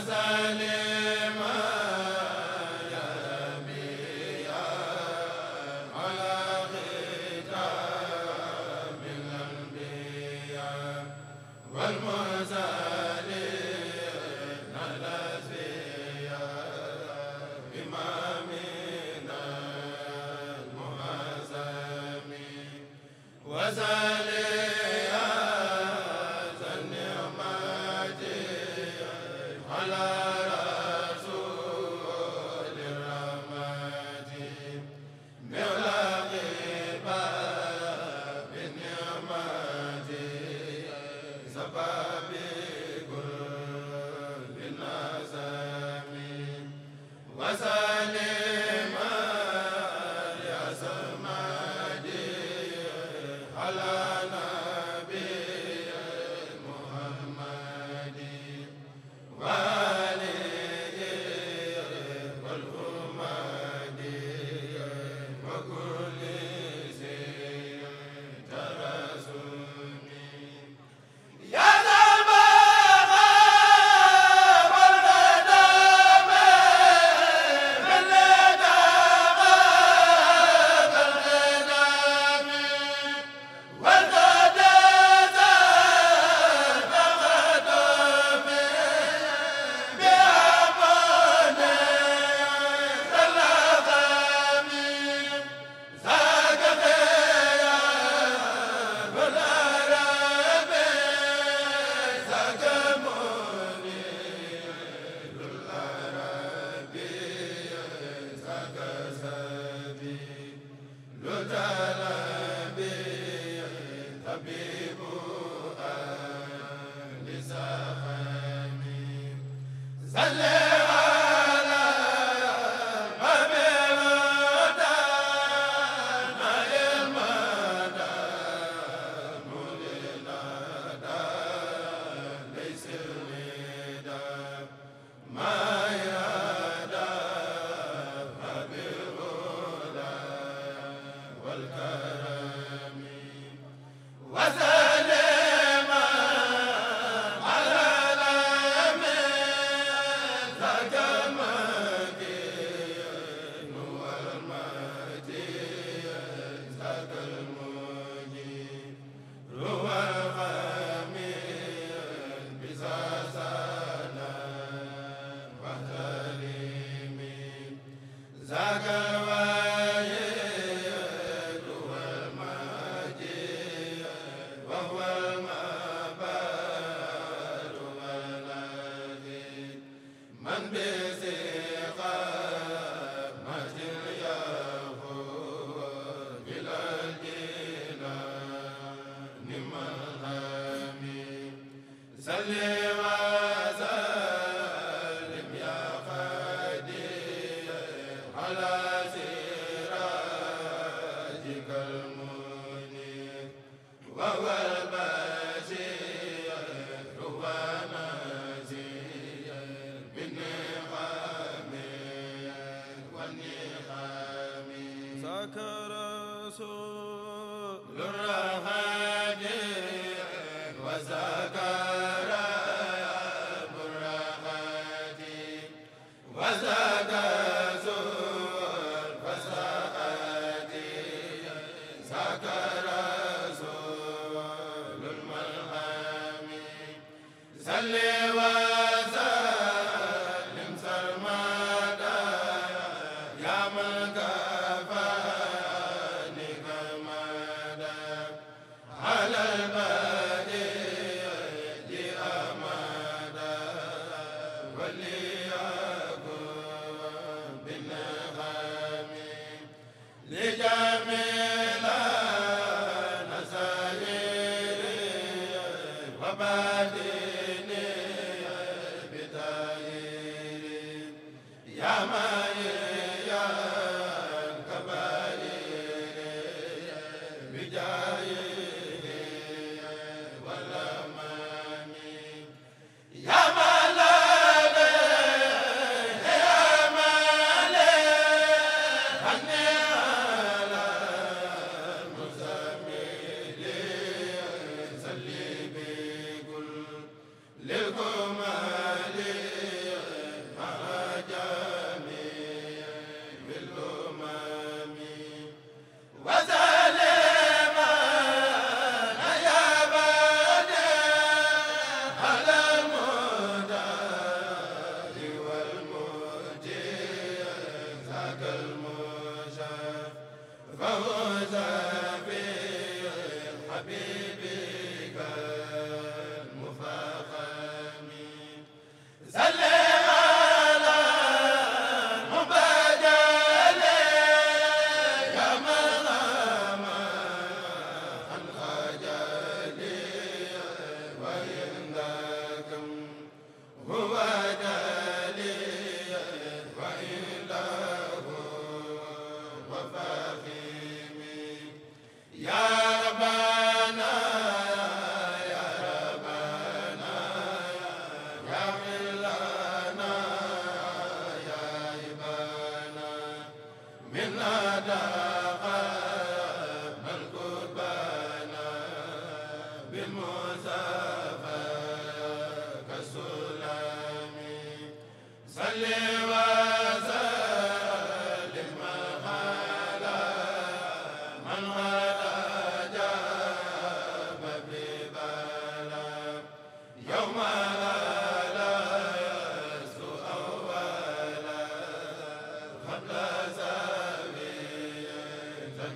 azal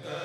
Santa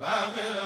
baaxir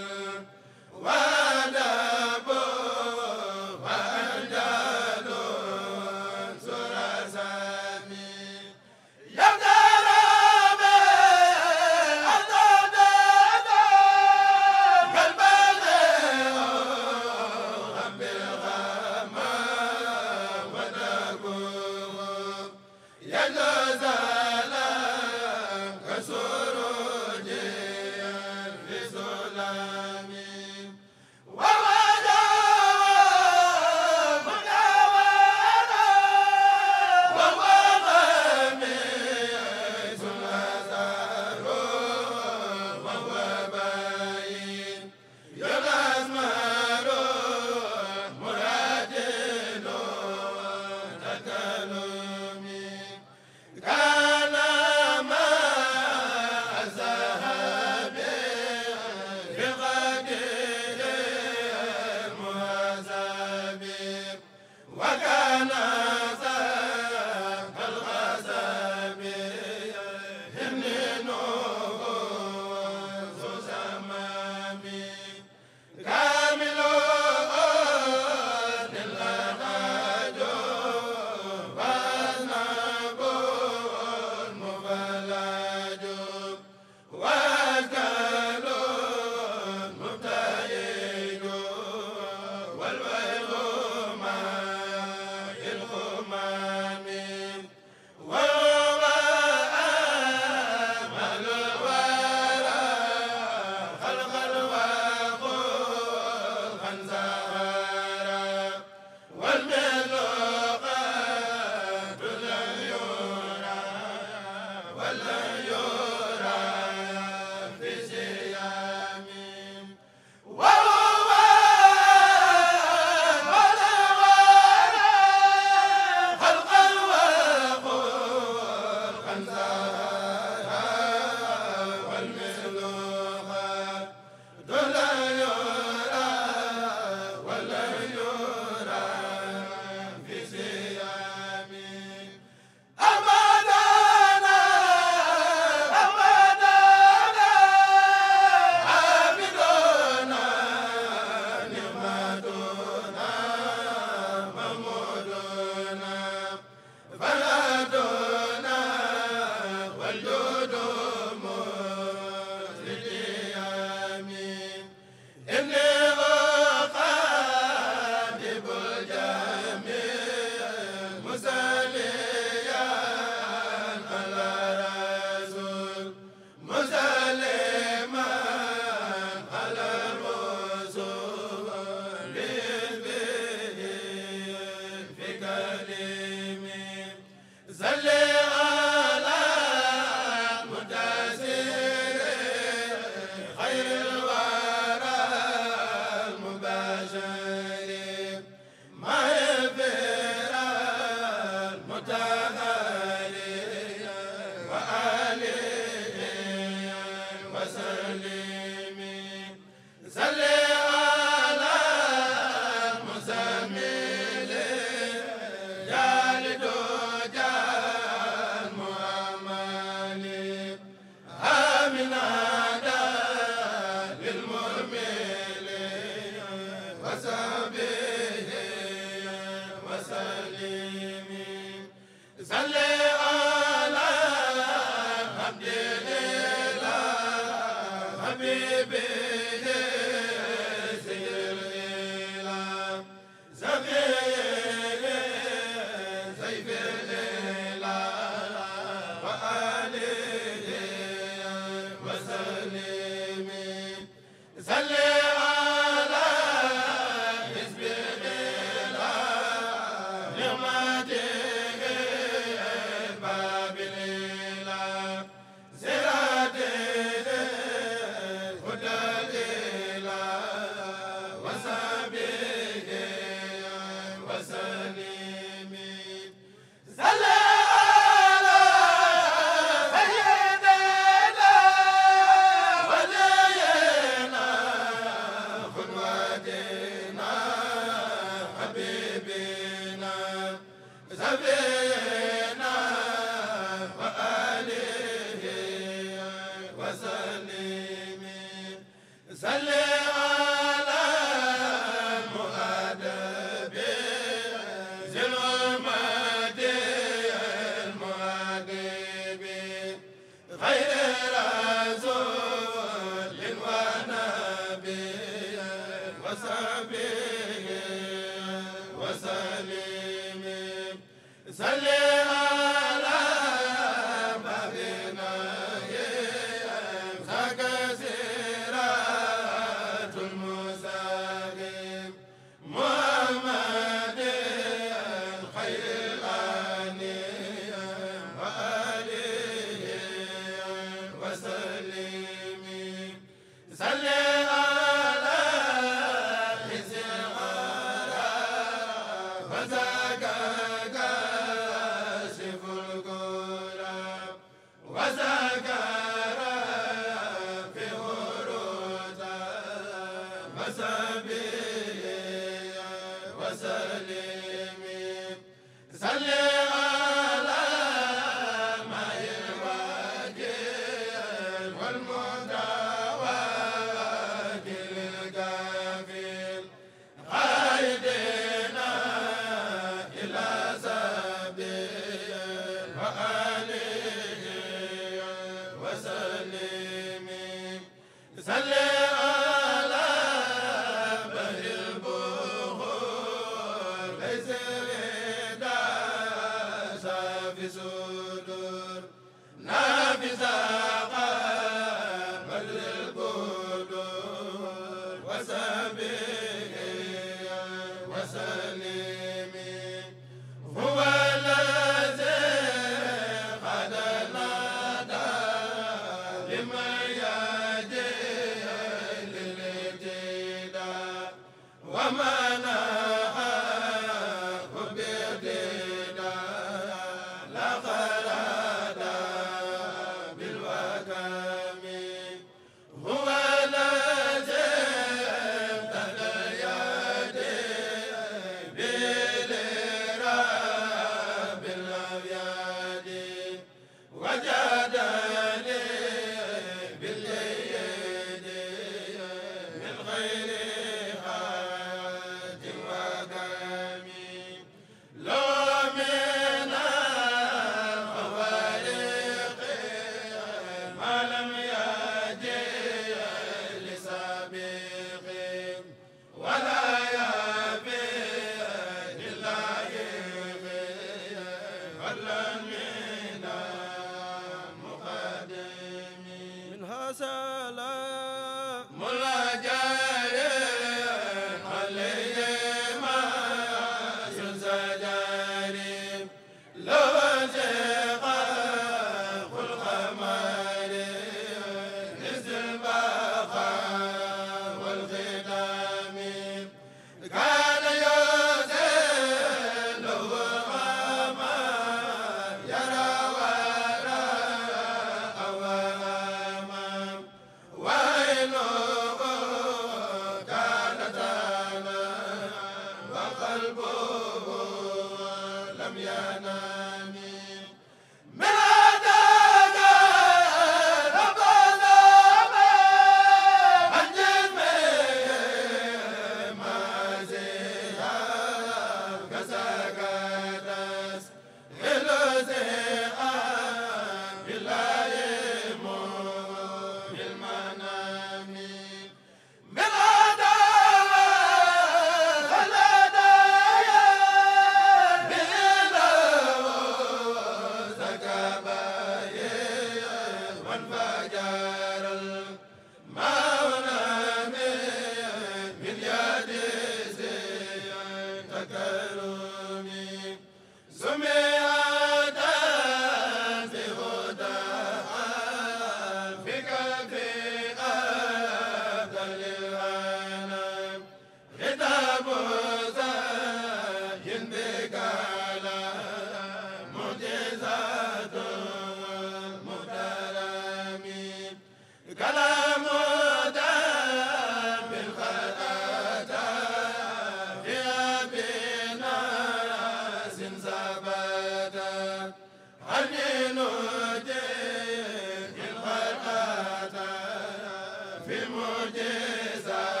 jeza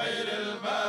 خير المال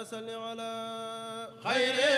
وسلم على خير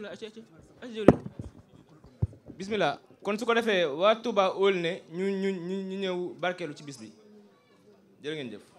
bismillah ac bismillah kon su ko defee waa Touba óol ne ñu ñu ñu ñëw barkeelu ci bis bi ngeen jëf